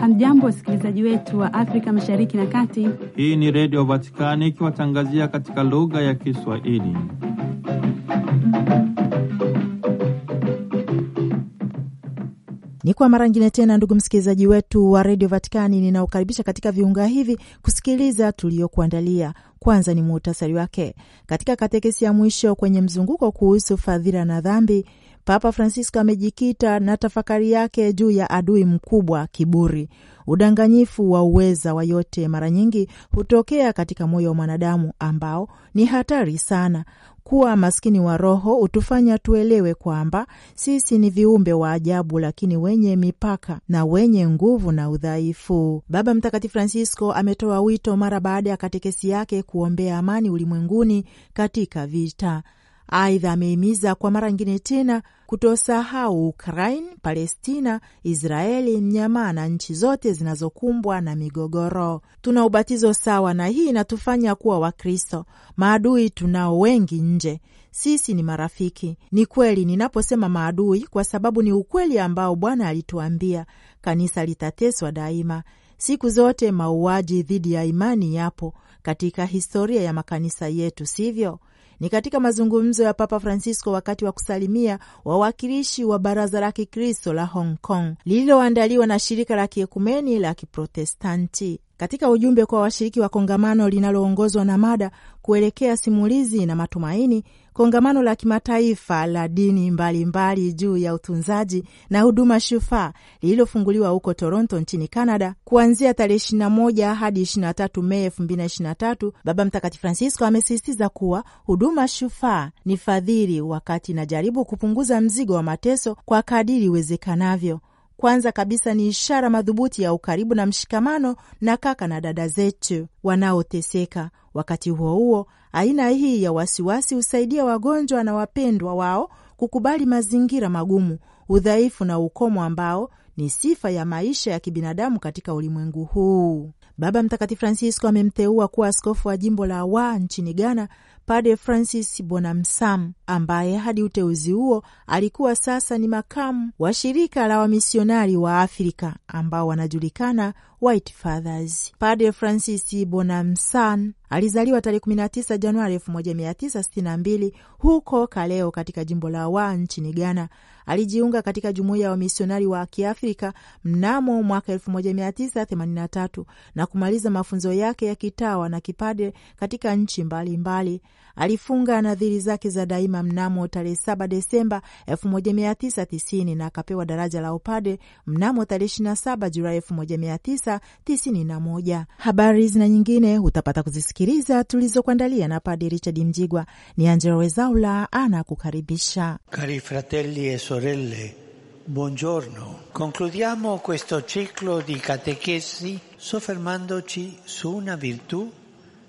Hamjambo, wasikilizaji wetu wa Afrika mashariki na kati. Hii ni Redio Vatikani ikiwatangazia katika lugha ya Kiswahili. Ni kwa mara ngine tena, ndugu msikilizaji wetu wa redio Vatikani, ninaokaribisha katika viunga hivi kusikiliza tuliyokuandalia. Kwanza ni muhutasari wake katika katekesi ya mwisho kwenye mzunguko kuhusu fadhila na dhambi. Papa Francisco amejikita na tafakari yake juu ya adui mkubwa, kiburi, udanganyifu wa uweza wa yote, mara nyingi hutokea katika moyo wa mwanadamu ambao ni hatari sana. Kuwa maskini wa roho hutufanya tuelewe kwamba sisi ni viumbe wa ajabu, lakini wenye mipaka na wenye nguvu na udhaifu. Baba Mtakatifu Francisco ametoa wito mara baada ya katekesi yake kuombea amani ulimwenguni katika vita. Aidha, amehimiza kwa mara nyingine tena kutosahau Ukraine, Palestina, Israeli, mnyamaa na nchi zote zinazokumbwa na migogoro. Tuna ubatizo sawa, na hii inatufanya kuwa Wakristo. Maadui tunao wengi nje, sisi ni marafiki. Ni kweli ninaposema maadui, kwa sababu ni ukweli ambao Bwana alituambia kanisa litateswa daima. Siku zote mauaji dhidi ya imani yapo katika historia ya makanisa yetu, sivyo? Ni katika mazungumzo ya Papa Francisco wakati wa kusalimia wawakilishi wa Baraza la Kikristo la Hong Kong lililoandaliwa na shirika la kiekumeni la Kiprotestanti. Katika ujumbe kwa washiriki wa kongamano linaloongozwa na mada kuelekea simulizi na matumaini, kongamano la kimataifa la dini mbalimbali mbali juu ya utunzaji na huduma shufaa lililofunguliwa huko Toronto nchini Canada kuanzia tarehe 21 hadi 23 Mei 2023, Baba Mtakatifu Francisco amesisitiza kuwa huduma shufaa ni fadhili wakati inajaribu kupunguza mzigo wa mateso kwa kadiri iwezekanavyo kwanza kabisa ni ishara madhubuti ya ukaribu na mshikamano na kaka na dada zetu wanaoteseka. Wakati huo huo, aina hii ya wasiwasi husaidia wagonjwa na wapendwa wao kukubali mazingira magumu, udhaifu na ukomo ambao ni sifa ya maisha ya kibinadamu katika ulimwengu huu. Baba Mtakatifu Francisco amemteua kuwa askofu wa jimbo la Wa nchini Ghana Padre Francis Bonamsam ambaye hadi uteuzi huo alikuwa sasa ni makamu wa shirika la wamisionari wa Afrika ambao wanajulikana White Fathers. Padre Francis Bonamsan alizaliwa tarehe 19 Januari 1962 huko Kaleo katika jimbo la Wa nchini Ghana. Alijiunga katika jumuiya ya wamisionari wa Kiafrika mnamo mwaka 1983 na kumaliza mafunzo yake ya kitawa na kipadre katika nchi mbalimbali mbali. Alifunga nadhiri zake za daima mnamo tarehe 7 Desemba 1990 na akapewa daraja la upade mnamo tarehe 27 Julai 19 tisa tisini na moja. Habari zina nyingine hutapata kuzisikiliza tulizokuandalia na Padi Richard Mjigwa. Ni Angelo Wezaula anakukaribisha. Cari fratelli e sorelle Buongiorno. Concludiamo questo ciclo di catechesi soffermandoci su una virtù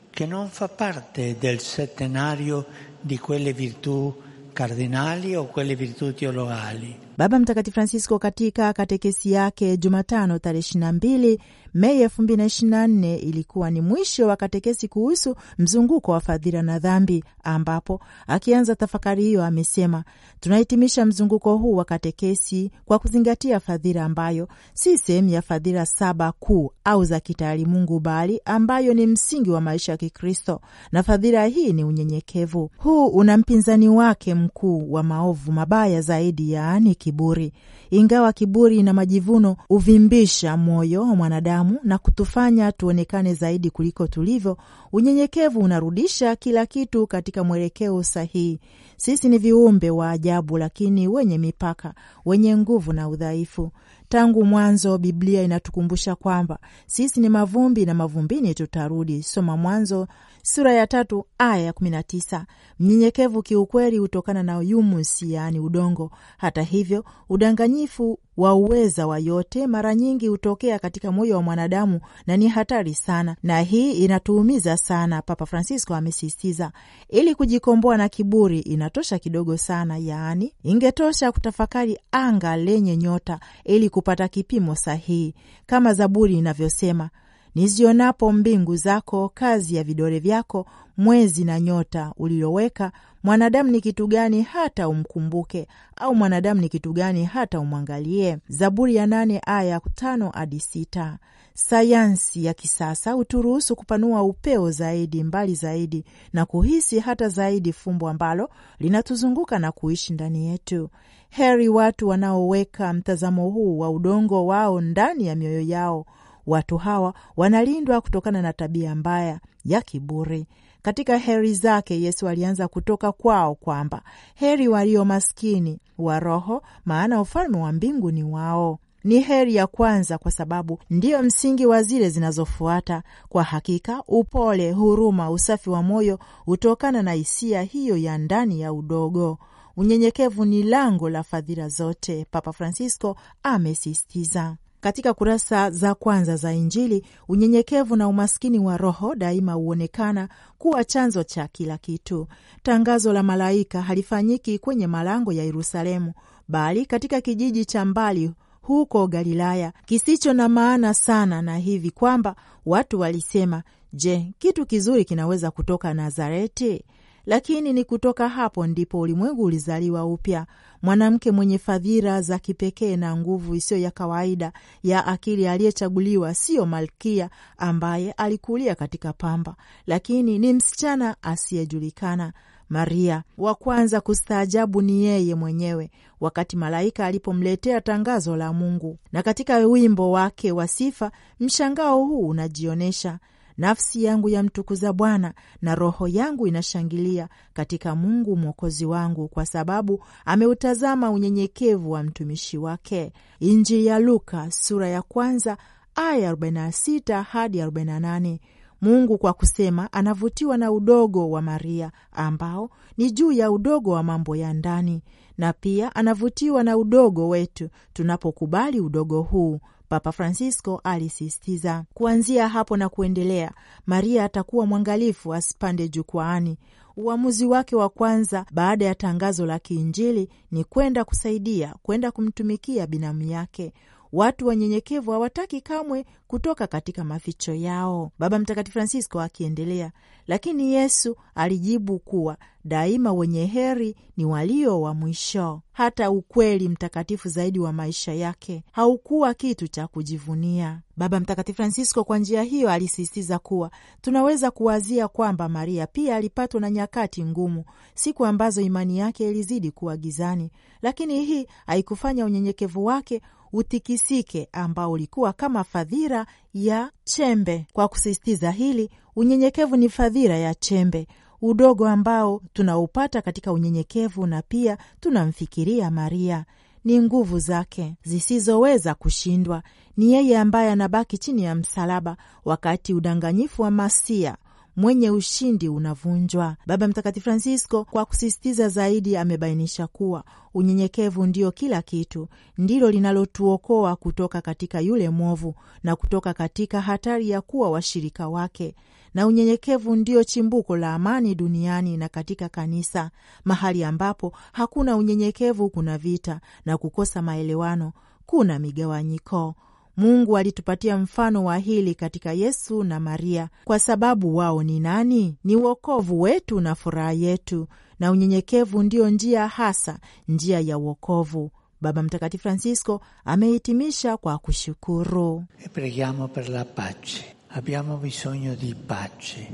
che non fa parte del settenario di quelle virtù makardinali o quelle virtuti teologali. Baba Mtakatifu Francisco katika katekesi yake Jumatano tarehe 22 Mei 2024 ilikuwa ni mwisho wa katekesi kuhusu mzunguko wa fadhila na dhambi, ambapo akianza tafakari hiyo amesema, tunahitimisha mzunguko huu wa katekesi kwa kuzingatia fadhila ambayo si sehemu ya fadhila saba kuu au za kitaalimungu, bali ambayo ni msingi wa maisha ya Kikristo, na fadhila hii ni unyenyekevu. Huu una mpinzani wake mkuu wa maovu mabaya zaidi, yaani kiburi. Ingawa kiburi na majivuno huvimbisha moyo mwanadamu binadamu na kutufanya tuonekane zaidi kuliko tulivyo, unyenyekevu unarudisha kila kitu katika mwelekeo sahihi. Sisi ni viumbe wa ajabu, lakini wenye mipaka, wenye nguvu na udhaifu. Tangu mwanzo, Biblia inatukumbusha kwamba sisi ni mavumbi na mavumbini tutarudi. Soma Mwanzo sura ya tatu aya ya kumi na tisa. Mnyenyekevu kiukweli hutokana na yumusi, yaani udongo. Hata hivyo, udanganyifu wa uweza wa yote mara nyingi hutokea katika moyo wa mwanadamu na ni hatari sana, na hii inatuumiza sana, Papa Francisco amesisitiza. Ili kujikomboa na kiburi inatosha kidogo sana, yaani ingetosha kutafakari anga lenye nyota ili kupata kipimo sahihi, kama Zaburi inavyosema Nizionapo mbingu zako, kazi ya vidole vyako, mwezi na nyota ulioweka mwanadamu ni kitu gani hata umkumbuke, au mwanadamu ni kitu gani hata umwangalie? Zaburi ya nane aya tano hadi sita. Sayansi ya kisasa huturuhusu kupanua upeo zaidi, mbali zaidi, na kuhisi hata zaidi fumbo ambalo linatuzunguka na kuishi ndani yetu. Heri watu wanaoweka mtazamo huu wa udongo wao ndani ya mioyo yao. Watu hawa wanalindwa kutokana na tabia mbaya ya kiburi. Katika heri zake Yesu alianza kutoka kwao kwamba heri walio maskini wa roho, maana ufalme wa mbingu ni wao. Ni heri ya kwanza kwa sababu ndiyo msingi wa zile zinazofuata. Kwa hakika, upole, huruma, usafi wa moyo hutokana na hisia hiyo ya ndani ya udogo. Unyenyekevu ni lango la fadhila zote, Papa Francisco amesisitiza. Katika kurasa za kwanza za Injili, unyenyekevu na umaskini wa roho daima huonekana kuwa chanzo cha kila kitu. Tangazo la malaika halifanyiki kwenye malango ya Yerusalemu, bali katika kijiji cha mbali huko Galilaya, kisicho na maana sana, na hivi kwamba watu walisema, je, kitu kizuri kinaweza kutoka Nazareti? lakini ni kutoka hapo ndipo ulimwengu ulizaliwa upya. Mwanamke mwenye fadhila za kipekee na nguvu isiyo ya kawaida ya akili, aliyechaguliwa siyo malkia ambaye alikulia katika pamba, lakini ni msichana asiyejulikana. Maria wa kwanza kustaajabu ni yeye mwenyewe, wakati malaika alipomletea tangazo la Mungu. Na katika wimbo wake wa sifa, mshangao huu unajionyesha Nafsi yangu yamtukuza Bwana, na roho yangu inashangilia katika Mungu mwokozi wangu, kwa sababu ameutazama unyenyekevu wa mtumishi wake. Injili ya Luka sura ya kwanza aya 46 hadi 48. Mungu kwa kusema anavutiwa na udogo wa Maria ambao ni juu ya udogo wa mambo ya ndani, na pia anavutiwa na udogo wetu tunapokubali udogo huu. Papa Francisco alisisitiza. Kuanzia hapo na kuendelea, Maria atakuwa mwangalifu asipande jukwaani. Uamuzi wake wa kwanza baada ya tangazo la kiinjili ni kwenda kusaidia, kwenda kumtumikia binamu yake. Watu wanyenyekevu hawataki kamwe kutoka katika maficho yao. Baba Mtakatifu Francisco akiendelea, lakini Yesu alijibu kuwa daima wenye heri ni walio wa mwisho. Hata ukweli mtakatifu zaidi wa maisha yake haukuwa kitu cha kujivunia. Baba Mtakatifu Francisco kwa njia hiyo alisisitiza kuwa tunaweza kuwazia kwamba Maria pia alipatwa na nyakati ngumu, siku ambazo imani yake ilizidi kuwa gizani, lakini hii haikufanya unyenyekevu wake utikisike, ambao ulikuwa kama fadhila ya chembe. Kwa kusisitiza hili, unyenyekevu ni fadhila ya chembe, udogo ambao tunaupata katika unyenyekevu, na pia tunamfikiria Maria ni nguvu zake zisizoweza kushindwa. Ni yeye ambaye anabaki chini ya msalaba wakati udanganyifu wa masia mwenye ushindi unavunjwa. Baba Mtakatifu Francisco kwa kusisitiza zaidi amebainisha kuwa unyenyekevu ndio kila kitu, ndilo linalotuokoa kutoka katika yule mwovu na kutoka katika hatari ya kuwa washirika wake, na unyenyekevu ndio chimbuko la amani duniani na katika kanisa. Mahali ambapo hakuna unyenyekevu kuna vita, na kukosa maelewano kuna migawanyiko. Mungu alitupatia mfano wa hili katika Yesu na Maria, kwa sababu wao ni nani? Ni uokovu wetu na furaha yetu, na unyenyekevu ndiyo njia hasa, njia ya uokovu. Baba Mtakatifu Francisco amehitimisha kwa kushukuru, e preghiamo per la pace abbiamo bisogno di pace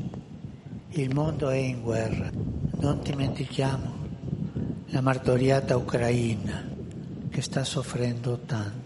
il mondo è in guerra non dimentichiamo la martoriata Ucraina che sta soffrendo tanto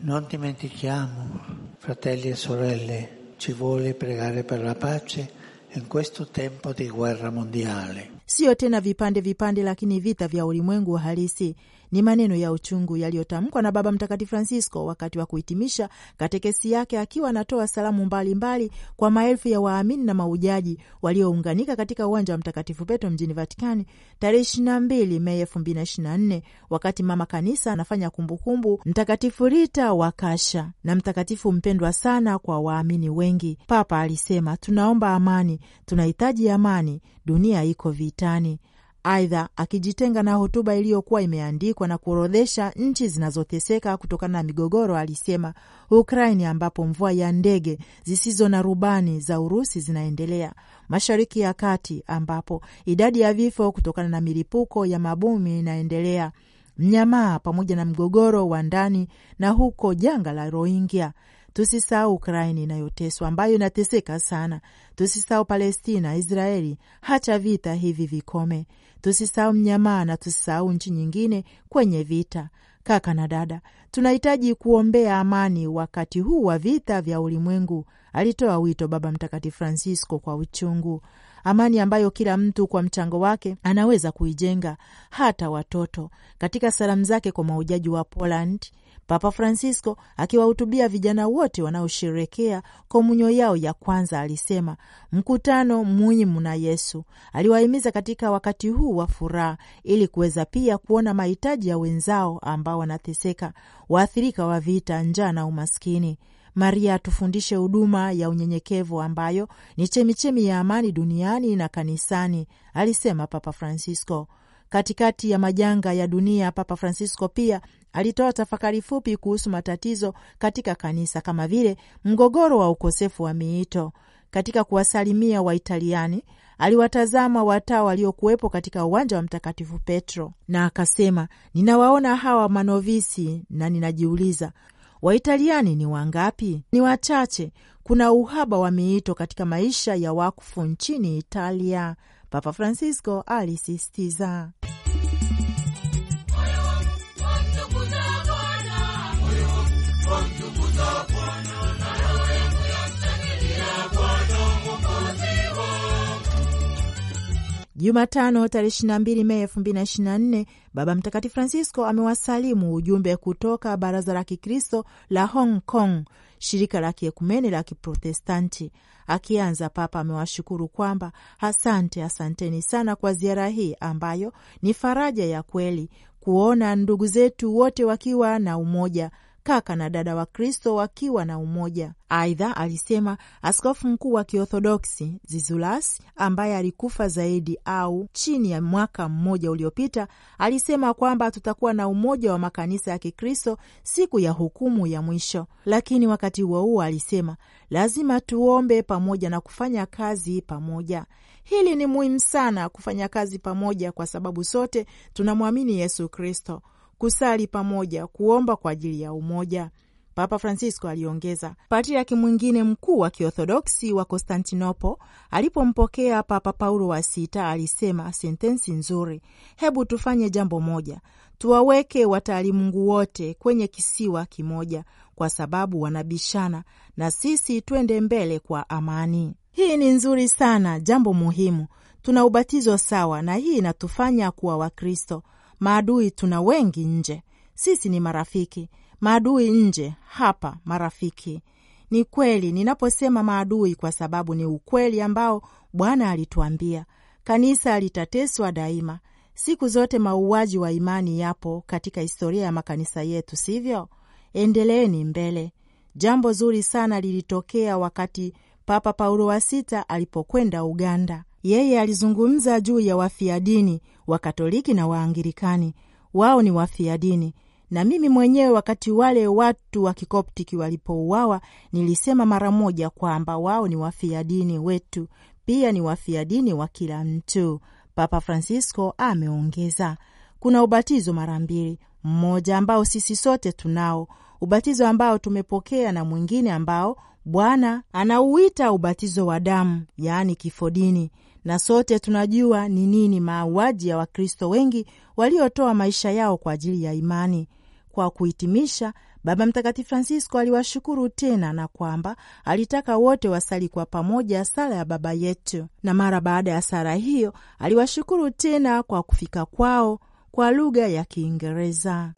Non dimentichiamo, fratelli e sorelle, ci vuole pregare per la pace in questo tempo di guerra mondiale. Siyo tena vipande vipande, lakini vita vya ulimwengu halisi. Ni maneno ya uchungu yaliyotamkwa na Baba Mtakatifu Francisco wakati wa kuhitimisha katekesi yake akiwa anatoa salamu mbalimbali mbali kwa maelfu ya waamini na maujaji waliounganika katika uwanja wa Mtakatifu Petro mjini Vatikani tarehe 22 Mei 2024 wakati Mama Kanisa anafanya kumbukumbu Mtakatifu Rita wa Kasha na mtakatifu mpendwa sana kwa waamini wengi. Papa alisema, tunaomba amani, tunahitaji amani, dunia iko vitani. Aidha, akijitenga na hotuba iliyokuwa imeandikwa na kuorodhesha nchi zinazoteseka kutokana na migogoro, alisema Ukraini, ambapo mvua ya ndege zisizo na rubani za Urusi zinaendelea, Mashariki ya Kati, ambapo idadi ya vifo kutokana na milipuko ya mabomu inaendelea, mnyamaa pamoja na mgogoro wa ndani, na huko janga la Rohingya. Tusisahau Ukraini inayoteswa ambayo inateseka sana. Tusisahau Palestina, Israeli, hata vita hivi vikome. Tusisahau mnyamaa na tusisahau nchi nyingine kwenye vita. Kaka na dada, tunahitaji kuombea amani wakati huu wa vita vya ulimwengu, alitoa wito Baba Mtakatifu Francisco kwa uchungu amani ambayo kila mtu kwa mchango wake anaweza kuijenga, hata watoto. Katika salamu zake kwa maujaji wa Poland, Papa Francisco akiwahutubia vijana wote wanaosherekea komunyo yao ya kwanza alisema, mkutano muhimu na Yesu. Aliwahimiza katika wakati huu wa furaha, ili kuweza pia kuona mahitaji ya wenzao ambao wanateseka, waathirika wa vita, njaa na umaskini. Maria atufundishe huduma ya unyenyekevu ambayo ni chemichemi ya amani duniani na kanisani, alisema Papa Francisco. Katikati ya majanga ya dunia, Papa Francisco pia alitoa tafakari fupi kuhusu matatizo katika kanisa kama vile mgogoro wa ukosefu wa miito. Katika kuwasalimia Waitaliani aliwatazama watawa waliokuwepo katika uwanja wa Mtakatifu Petro na akasema, ninawaona hawa manovisi na ninajiuliza Waitaliani ni wangapi? Ni wachache. Kuna uhaba wa miito katika maisha ya wakfu nchini Italia, Papa Francisco alisisitiza. Jumatano tarehe 22 Mei 2024 Baba Mtakatifu Francisco amewasalimu ujumbe kutoka Baraza la Kikristo la Hong Kong, shirika la kiekumene la Kiprotestanti. Akianza, Papa amewashukuru kwamba asante, asanteni sana kwa ziara hii ambayo ni faraja ya kweli kuona ndugu zetu wote wakiwa na umoja kaka na dada wa Kristo wakiwa na umoja. Aidha, alisema askofu mkuu wa Kiorthodoksi Zizulasi, ambaye alikufa zaidi au chini ya mwaka mmoja uliopita, alisema kwamba tutakuwa na umoja wa makanisa ya Kikristo siku ya hukumu ya mwisho. Lakini wakati huo huo alisema lazima tuombe pamoja na kufanya kazi pamoja. Hili ni muhimu sana, kufanya kazi pamoja, kwa sababu sote tunamwamini Yesu Kristo kusali pamoja, kuomba kwa ajili ya umoja. Papa Francisco aliongeza. Patriaki mwingine mkuu wa Kiorthodoksi wa Konstantinopo alipompokea Papa Paulo wa Sita alisema sentensi nzuri: hebu tufanye jambo moja, tuwaweke wataalimungu wote kwenye kisiwa kimoja, kwa sababu wanabishana, na sisi twende mbele kwa amani. Hii ni nzuri sana, jambo muhimu. Tuna ubatizo sawa, na hii inatufanya kuwa Wakristo Maadui tuna wengi nje, sisi ni marafiki. Maadui nje, hapa marafiki. Ni kweli ninaposema maadui, kwa sababu ni ukweli ambao Bwana alituambia. Kanisa litateswa daima siku zote. Mauaji wa imani yapo katika historia ya makanisa yetu, sivyo? Endeleeni mbele. Jambo zuri sana lilitokea wakati Papa Paulo wa Sita alipokwenda Uganda. Yeye alizungumza juu ya wafia dini Wakatoliki na waangirikani Wao ni wafia dini na mimi mwenyewe wakati wale watu wa Kikoptiki walipouawa nilisema mara moja kwamba wao ni wafia dini wetu, pia ni wafia dini wa kila mtu. Papa Francisco ameongeza, kuna ubatizo mara mbili, mmoja ambao sisi sote tunao, ubatizo ambao tumepokea na mwingine ambao Bwana anauita ubatizo wa damu, yaani kifodini na sote tunajua ni nini mauaji ya Wakristo wengi waliotoa maisha yao kwa ajili ya imani. Kwa kuhitimisha, Baba Mtakatifu Francisco aliwashukuru tena na kwamba alitaka wote wasali kwa pamoja sala ya Baba Yetu, na mara baada ya sala hiyo aliwashukuru tena kwa kufika kwao kwa lugha ya Kiingereza.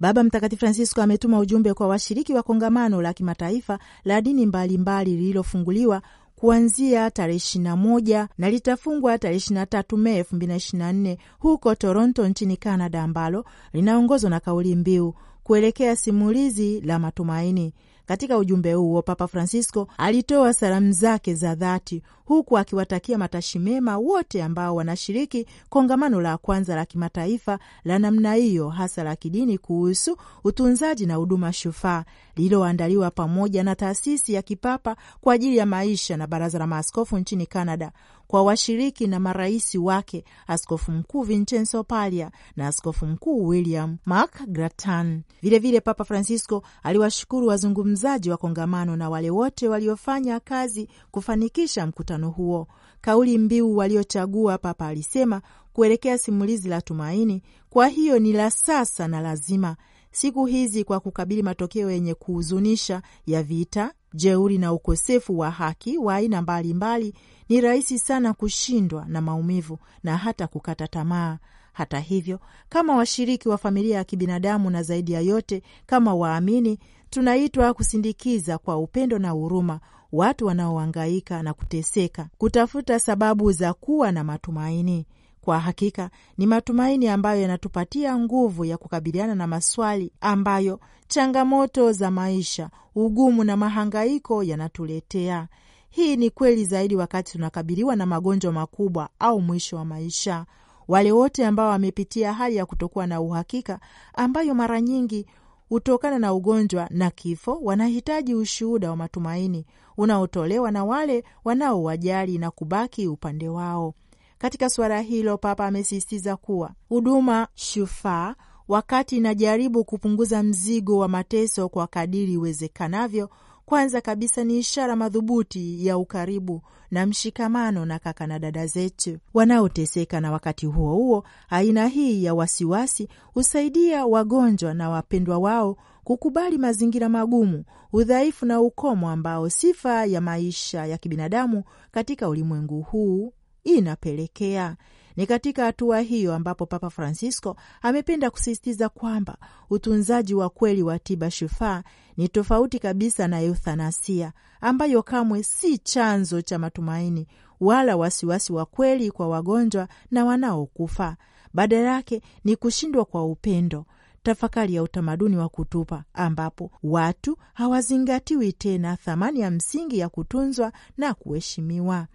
Baba Mtakatifu Francisco ametuma ujumbe kwa washiriki wa kongamano la kimataifa la dini mbalimbali lililofunguliwa kuanzia tarehe 21 na litafungwa tarehe 23 Mei 2024 huko Toronto nchini Canada, ambalo linaongozwa na kauli mbiu kuelekea simulizi la matumaini. Katika ujumbe huo, Papa Francisco alitoa salamu zake za dhati huku akiwatakia matashi mema wote ambao wanashiriki kongamano la kwanza la kimataifa la namna hiyo, hasa la kidini, kuhusu utunzaji na huduma shufaa lililoandaliwa pamoja na taasisi ya kipapa kwa ajili ya maisha na baraza la maaskofu nchini Canada kwa washiriki na marais wake Askofu Mkuu Vincenzo Palia na Askofu Mkuu William Mark Gratan. Vilevile, Papa Francisco aliwashukuru wazungumzaji wa kongamano na wale wote waliofanya kazi kufanikisha mkutano mkutano huo. Kauli mbiu waliochagua, Papa alisema, kuelekea simulizi la tumaini. Kwa hiyo ni la sasa na lazima siku hizi kwa kukabili matokeo yenye kuhuzunisha ya vita, jeuri na ukosefu wa haki wa aina mbalimbali. Ni rahisi sana kushindwa na maumivu na hata kukata tamaa. Hata hivyo, kama washiriki wa familia ya kibinadamu na zaidi ya yote kama waamini, tunaitwa kusindikiza kwa upendo na huruma watu wanaohangaika na kuteseka kutafuta sababu za kuwa na matumaini. Kwa hakika ni matumaini ambayo yanatupatia nguvu ya kukabiliana na maswali ambayo changamoto za maisha, ugumu na mahangaiko yanatuletea. Hii ni kweli zaidi wakati tunakabiliwa na magonjwa makubwa au mwisho wa maisha. Wale wote ambao wamepitia hali ya kutokuwa na uhakika ambayo mara nyingi hutokana na ugonjwa na kifo wanahitaji ushuhuda wa matumaini unaotolewa na wale wanaowajali na kubaki upande wao. Katika suala hilo, Papa amesisitiza kuwa huduma shufaa wakati inajaribu kupunguza mzigo wa mateso kwa kadiri iwezekanavyo kwanza kabisa ni ishara madhubuti ya ukaribu na mshikamano na kaka na dada zetu wanaoteseka, na wakati huo huo aina hii ya wasiwasi husaidia wagonjwa na wapendwa wao kukubali mazingira magumu, udhaifu na ukomo ambao sifa ya maisha ya kibinadamu katika ulimwengu huu inapelekea. Ni katika hatua hiyo ambapo Papa Francisco amependa kusisitiza kwamba utunzaji wa kweli wa tiba shufaa ni tofauti kabisa na euthanasia, ambayo kamwe si chanzo cha matumaini wala wasiwasi wa kweli kwa wagonjwa na wanaokufa. Badala yake ni kushindwa kwa upendo, tafakari ya utamaduni wa kutupa, ambapo watu hawazingatiwi tena thamani ya msingi ya kutunzwa na kuheshimiwa.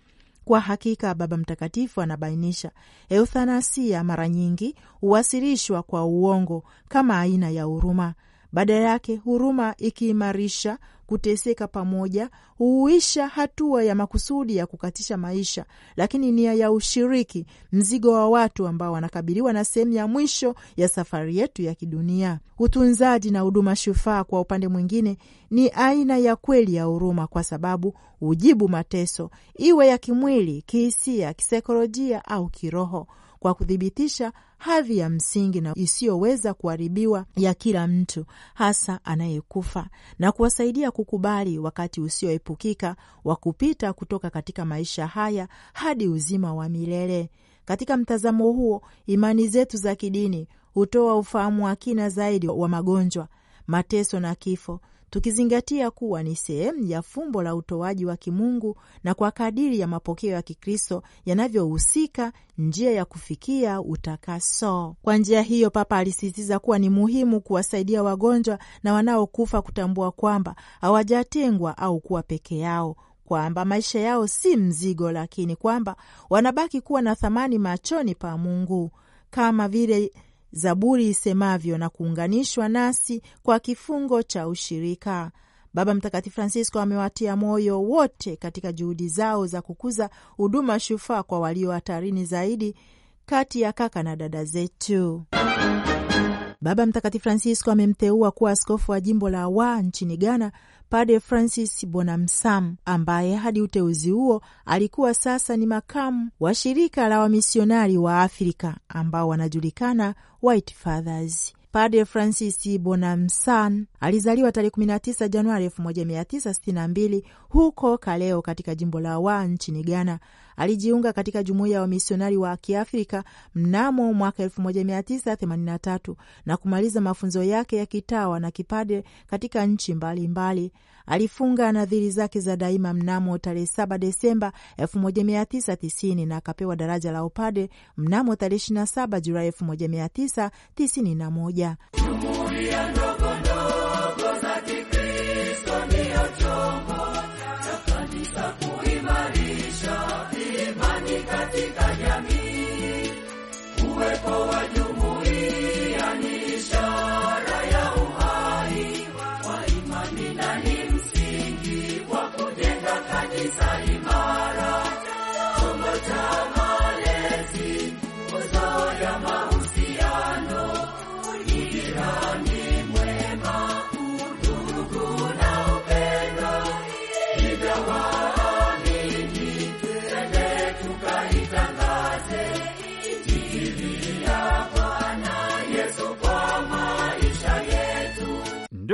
Kwa hakika Baba Mtakatifu anabainisha, euthanasia mara nyingi huwasilishwa kwa uongo kama aina ya huruma. Badala yake, huruma ikiimarisha kuteseka pamoja huuisha hatua ya makusudi ya kukatisha maisha, lakini nia ya ushiriki, mzigo wa watu ambao wanakabiliwa na sehemu ya mwisho ya safari yetu ya kidunia. Utunzaji na huduma shufaa, kwa upande mwingine, ni aina ya kweli ya huruma, kwa sababu hujibu mateso, iwe ya kimwili, kihisia, kisaikolojia au kiroho, kwa kuthibitisha hadhi ya msingi na isiyoweza kuharibiwa ya kila mtu, hasa anayekufa, na kuwasaidia kukubali wakati usioepukika wa kupita kutoka katika maisha haya hadi uzima wa milele. Katika mtazamo huo, imani zetu za kidini hutoa ufahamu wa kina zaidi wa magonjwa, mateso na kifo tukizingatia kuwa ni sehemu ya fumbo la utoaji wa kimungu na kwa kadiri ya mapokeo ya Kikristo yanavyohusika njia ya kufikia utakaso. Kwa njia hiyo, Papa alisisitiza kuwa ni muhimu kuwasaidia wagonjwa na wanaokufa kutambua kwamba hawajatengwa au kuwa peke yao kwamba maisha yao si mzigo, lakini kwamba wanabaki kuwa na thamani machoni pa Mungu kama vile Zaburi isemavyo na kuunganishwa nasi kwa kifungo cha ushirika. Baba Mtakatifu Francisco amewatia moyo wote katika juhudi zao za kukuza huduma shufaa kwa walio hatarini zaidi kati ya kaka na dada zetu. Baba Mtakatifu Francisco amemteua kuwa askofu wa jimbo la Wa nchini Ghana Padre Francis Bonamsam ambaye hadi uteuzi huo alikuwa sasa ni makamu wa shirika la wamisionari wa Afrika ambao wanajulikana White Fathers. Padre Francis Bonamsan alizaliwa tarehe 19 Januari 1962 huko Kaleo katika jimbo la Wa nchini Ghana, Alijiunga katika jumuiya ya wamisionari wa Kiafrika mnamo mwaka 1983 na kumaliza mafunzo yake ya kitawa na kipade katika nchi mbalimbali. Alifunga nadhiri zake za daima mnamo tarehe 7 Desemba 1990 na akapewa daraja la upade mnamo tarehe 27 Julai 1991.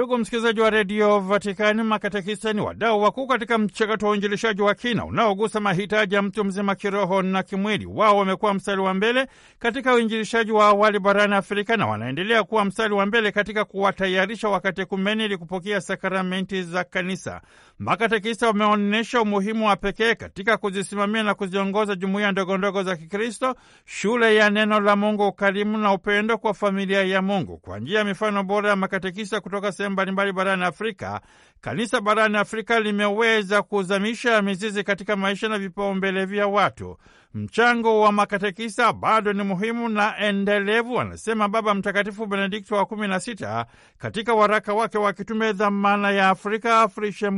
Ndugu msikilizaji wa redio Vatikani, makatekista ni wadau wakuu katika mchakato wa uinjilishaji wa kina unaogusa mahitaji ya mtu mzima kiroho na kimwili. Wao wamekuwa mstari wa mbele katika uinjilishaji wa awali barani Afrika na wanaendelea kuwa mstari wa mbele katika kuwatayarisha wakatekumeni ili kupokea sakramenti za Kanisa. Makatekista wameonyesha umuhimu wa pekee katika kuzisimamia na kuziongoza jumuiya ndogondogo za Kikristo, shule ya neno la Mungu, ukarimu na upendo kwa familia ya Mungu kwa njia ya mifano bora ya makatekista kutoka sehemu mbalimbali barani Afrika, kanisa barani Afrika limeweza kuzamisha mizizi katika maisha na vipaumbele vya watu. Mchango wa makatekisa bado ni muhimu na endelevu, anasema Baba Mtakatifu Benedikto wa kumi na sita katika waraka wake wa kitume Dhamana ya Afrika, Afriche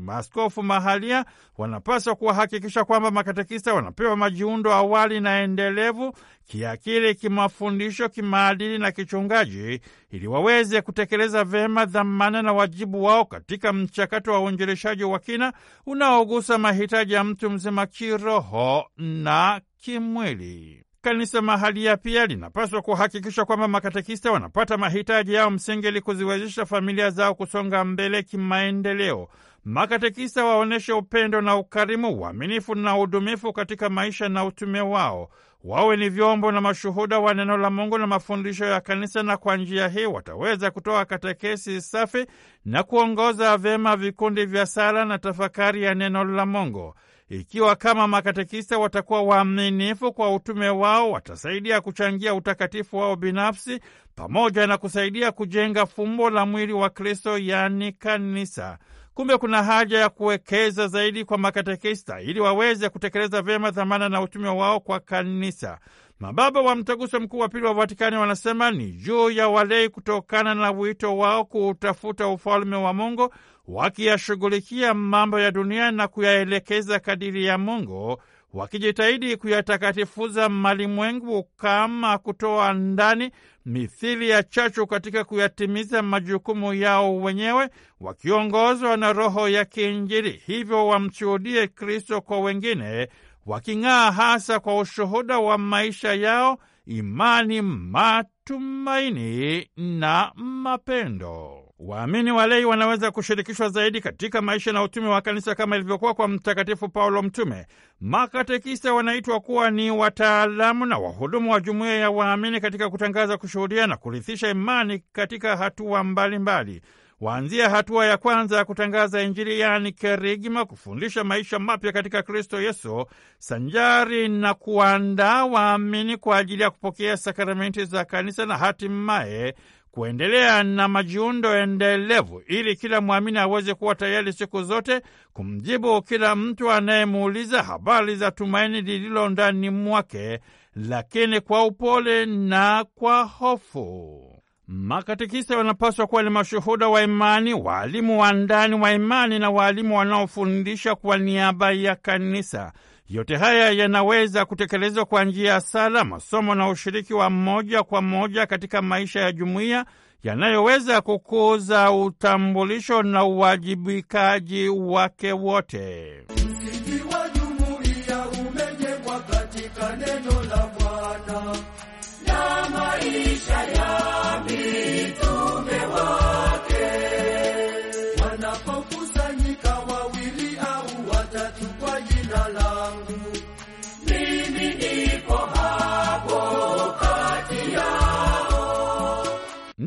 Maaskofu mahalia wanapaswa kuwahakikisha kwamba makatekisa wanapewa majiundo awali na endelevu kiakili, kimafundisho, kimaadili na kichungaji, ili waweze kutekeleza vema dhamana na wajibu wao katika mchakato wa uinjirishaji wa kina unaogusa mahitaji ya mtu mzima kiroho na na kimwili. Kanisa mahalia pia linapaswa kuhakikisha kwamba makatekista wanapata mahitaji yao msingi ili kuziwezesha familia zao kusonga mbele kimaendeleo. Makatekista waonyeshe upendo na ukarimu, uaminifu na udumifu katika maisha na utume wao. Wawe ni vyombo na mashuhuda wa neno la Mungu na mafundisho ya Kanisa, na kwa njia hii wataweza kutoa katekesi safi na kuongoza vyema vikundi vya sala na tafakari ya neno la Mungu. Ikiwa kama makatekista watakuwa waaminifu kwa utume wao, watasaidia kuchangia utakatifu wao binafsi pamoja na kusaidia kujenga fumbo la mwili wa Kristo, yaani kanisa. Kumbe kuna haja ya kuwekeza zaidi kwa makatekista ili waweze kutekeleza vyema dhamana na utume wao kwa kanisa. Mababa wa Mtaguso Mkuu wa Pili wa Vatikani wanasema ni juu ya walei kutokana na wito wao kuutafuta ufalme wa Mungu, wakiyashughulikia mambo ya dunia na kuyaelekeza kadiri ya Mungu, wakijitahidi kuyatakatifuza malimwengu kama kutoa ndani mithili ya chachu katika kuyatimiza majukumu yao wenyewe, wakiongozwa na roho ya kiinjili, hivyo wamshuhudie Kristo kwa wengine waking'aa hasa kwa ushuhuda wa maisha yao, imani, matumaini na mapendo. Waamini walei wanaweza kushirikishwa zaidi katika maisha na utume wa kanisa kama ilivyokuwa kwa Mtakatifu Paulo Mtume. Makatekista wanaitwa kuwa ni wataalamu na wahudumu wa jumuiya ya waamini katika kutangaza, kushuhudia na kurithisha imani katika hatua mbalimbali mbali waanzia hatua ya kwanza ya kutangaza Injili yaani kerigma, kufundisha maisha mapya katika Kristo Yesu, sanjari na kuandaa waamini kwa ajili ya kupokea sakramenti za kanisa na hatimaye kuendelea na majiundo endelevu ili kila mwamini aweze kuwa tayari siku zote kumjibu kila mtu anayemuuliza habari za tumaini lililo ndani mwake, lakini kwa upole na kwa hofu. Makatekista wanapaswa kuwa ni mashuhuda wa imani, waalimu wa ndani wa imani na waalimu wanaofundisha kwa niaba ya kanisa. Yote haya yanaweza kutekelezwa kwa njia ya sala, masomo na ushiriki wa moja kwa moja katika maisha ya jumuiya yanayoweza kukuza utambulisho na uwajibikaji wake wote.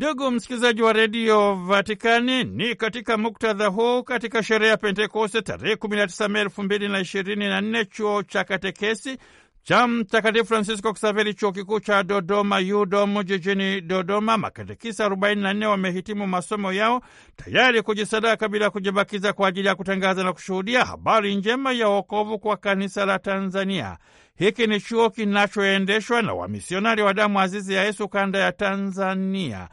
Ndugu msikilizaji wa redio Vatikani, ni katika muktadha huu, katika sherehe ya Pentekoste tarehe kumi na tisa Mei elfu mbili na ishirini na nne chuo cha katekesi cha Mtakatifu Francisco Ksaveri, chuo kikuu cha Dodoma UDOM jijini Dodoma, makatekisa 44 wamehitimu masomo yao tayari kujisadaka bila kujibakiza kwa ajili ya kutangaza na kushuhudia habari njema ya wokovu kwa kanisa la Tanzania. Hiki ni chuo kinachoendeshwa na wamisionari wa damu azizi ya Yesu kanda ya Tanzania.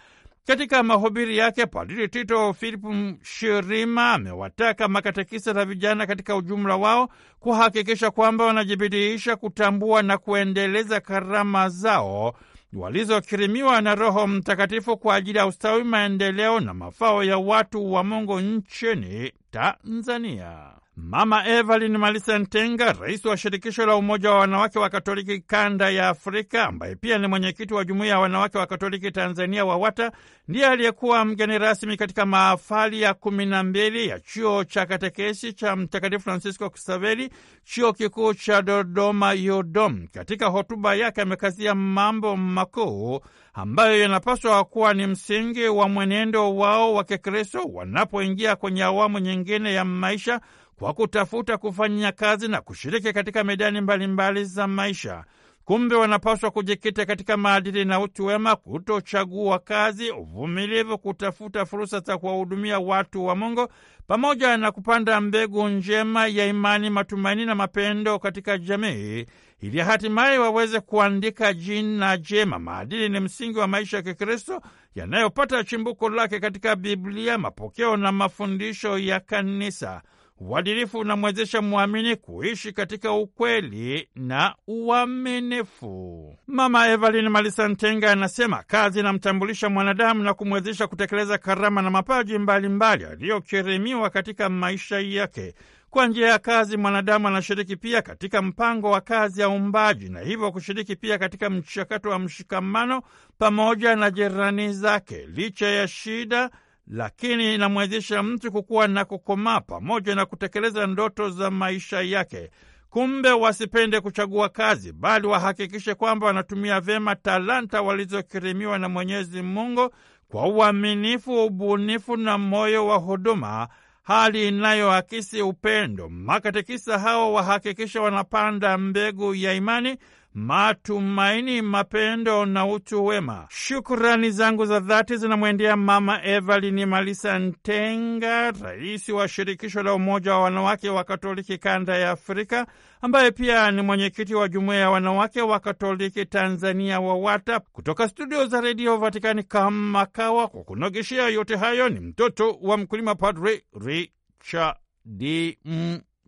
Katika mahubiri yake Padri Tito Philip shirima amewataka makatekisa na vijana katika ujumla wao kuhakikisha kwamba wanajibidiisha kutambua na kuendeleza karama zao walizokirimiwa na Roho Mtakatifu kwa ajili ya ustawi, maendeleo na mafao ya watu wa Mungu nchini Tanzania. Mama Evelyn Malisa Ntenga, rais wa shirikisho la umoja wa wanawake wa Katoliki kanda ya Afrika, ambaye pia ni mwenyekiti wa jumuiya ya wanawake wa Katoliki Tanzania WAWATA, ndiye aliyekuwa mgeni rasmi katika mahafali ya kumi na mbili ya chuo cha katekesi cha Mtakatifu Francisco Kisaveri, chuo kikuu cha Dodoma yudom Katika hotuba yake amekazia mambo makuu ambayo yanapaswa kuwa ni msingi wa mwenendo wao wa Kikristo wanapoingia kwenye awamu nyingine ya maisha kwa kutafuta kufanya kazi na kushiriki katika medani mbalimbali mbali za maisha. Kumbe wanapaswa kujikita katika maadili na utu wema, kutochagua kazi, uvumilivu, kutafuta fursa za kuwahudumia watu wa Mungu, pamoja na kupanda mbegu njema ya imani, matumaini na mapendo katika jamii, ili hatimaye waweze kuandika jina jema. Maadili ni msingi wa maisha ya Kikristo yanayopata chimbuko lake katika Biblia, mapokeo na mafundisho ya Kanisa. Uadilifu unamwezesha mwamini kuishi katika ukweli na uaminifu. Mama Evelyn Malisa Ntenga anasema kazi inamtambulisha mwanadamu na kumwezesha kutekeleza karama na mapaji mbalimbali aliyokirimiwa katika maisha yake. Kwa njia ya kazi mwanadamu anashiriki pia katika mpango wa kazi ya umbaji na hivyo kushiriki pia katika mchakato wa mshikamano pamoja na jirani zake. Licha ya shida, lakini inamwezesha mtu kukuwa na kukomaa pamoja na kutekeleza ndoto za maisha yake. Kumbe wasipende kuchagua kazi, bali wahakikishe kwamba wanatumia vyema talanta walizokirimiwa na Mwenyezi Mungu kwa uaminifu, ubunifu na moyo wa huduma, hali inayoakisi upendo. Makatekisa hao wahakikisha wanapanda mbegu ya imani matumaini, mapendo na utu wema. Shukrani zangu za dhati zinamwendea Mama Evelini Malisa Ntenga, rais wa shirikisho la umoja wa wanawake wa Katoliki kanda ya Afrika, ambaye pia ni mwenyekiti wa jumuiya ya wanawake wa Katoliki Tanzania WAWATA, kutoka studio za redio Vatikani kama kawa. Kwa kunogeshea yote hayo ni mtoto wa mkulima Padre Richard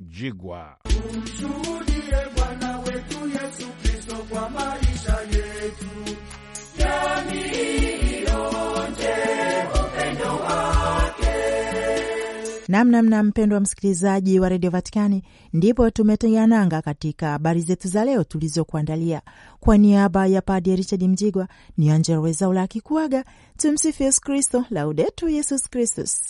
Mjigwa. namnamna. Mpendwa msikilizaji wa redio Vatikani, ndipo tumetia katika habari zetu za leo tulizokuandalia. Kwa niaba ya Padre Richard Mjigwa ni Angela Wezaula akikuaga. Tumsifu Yesu Kristo, Laudetur Yesus Kristus.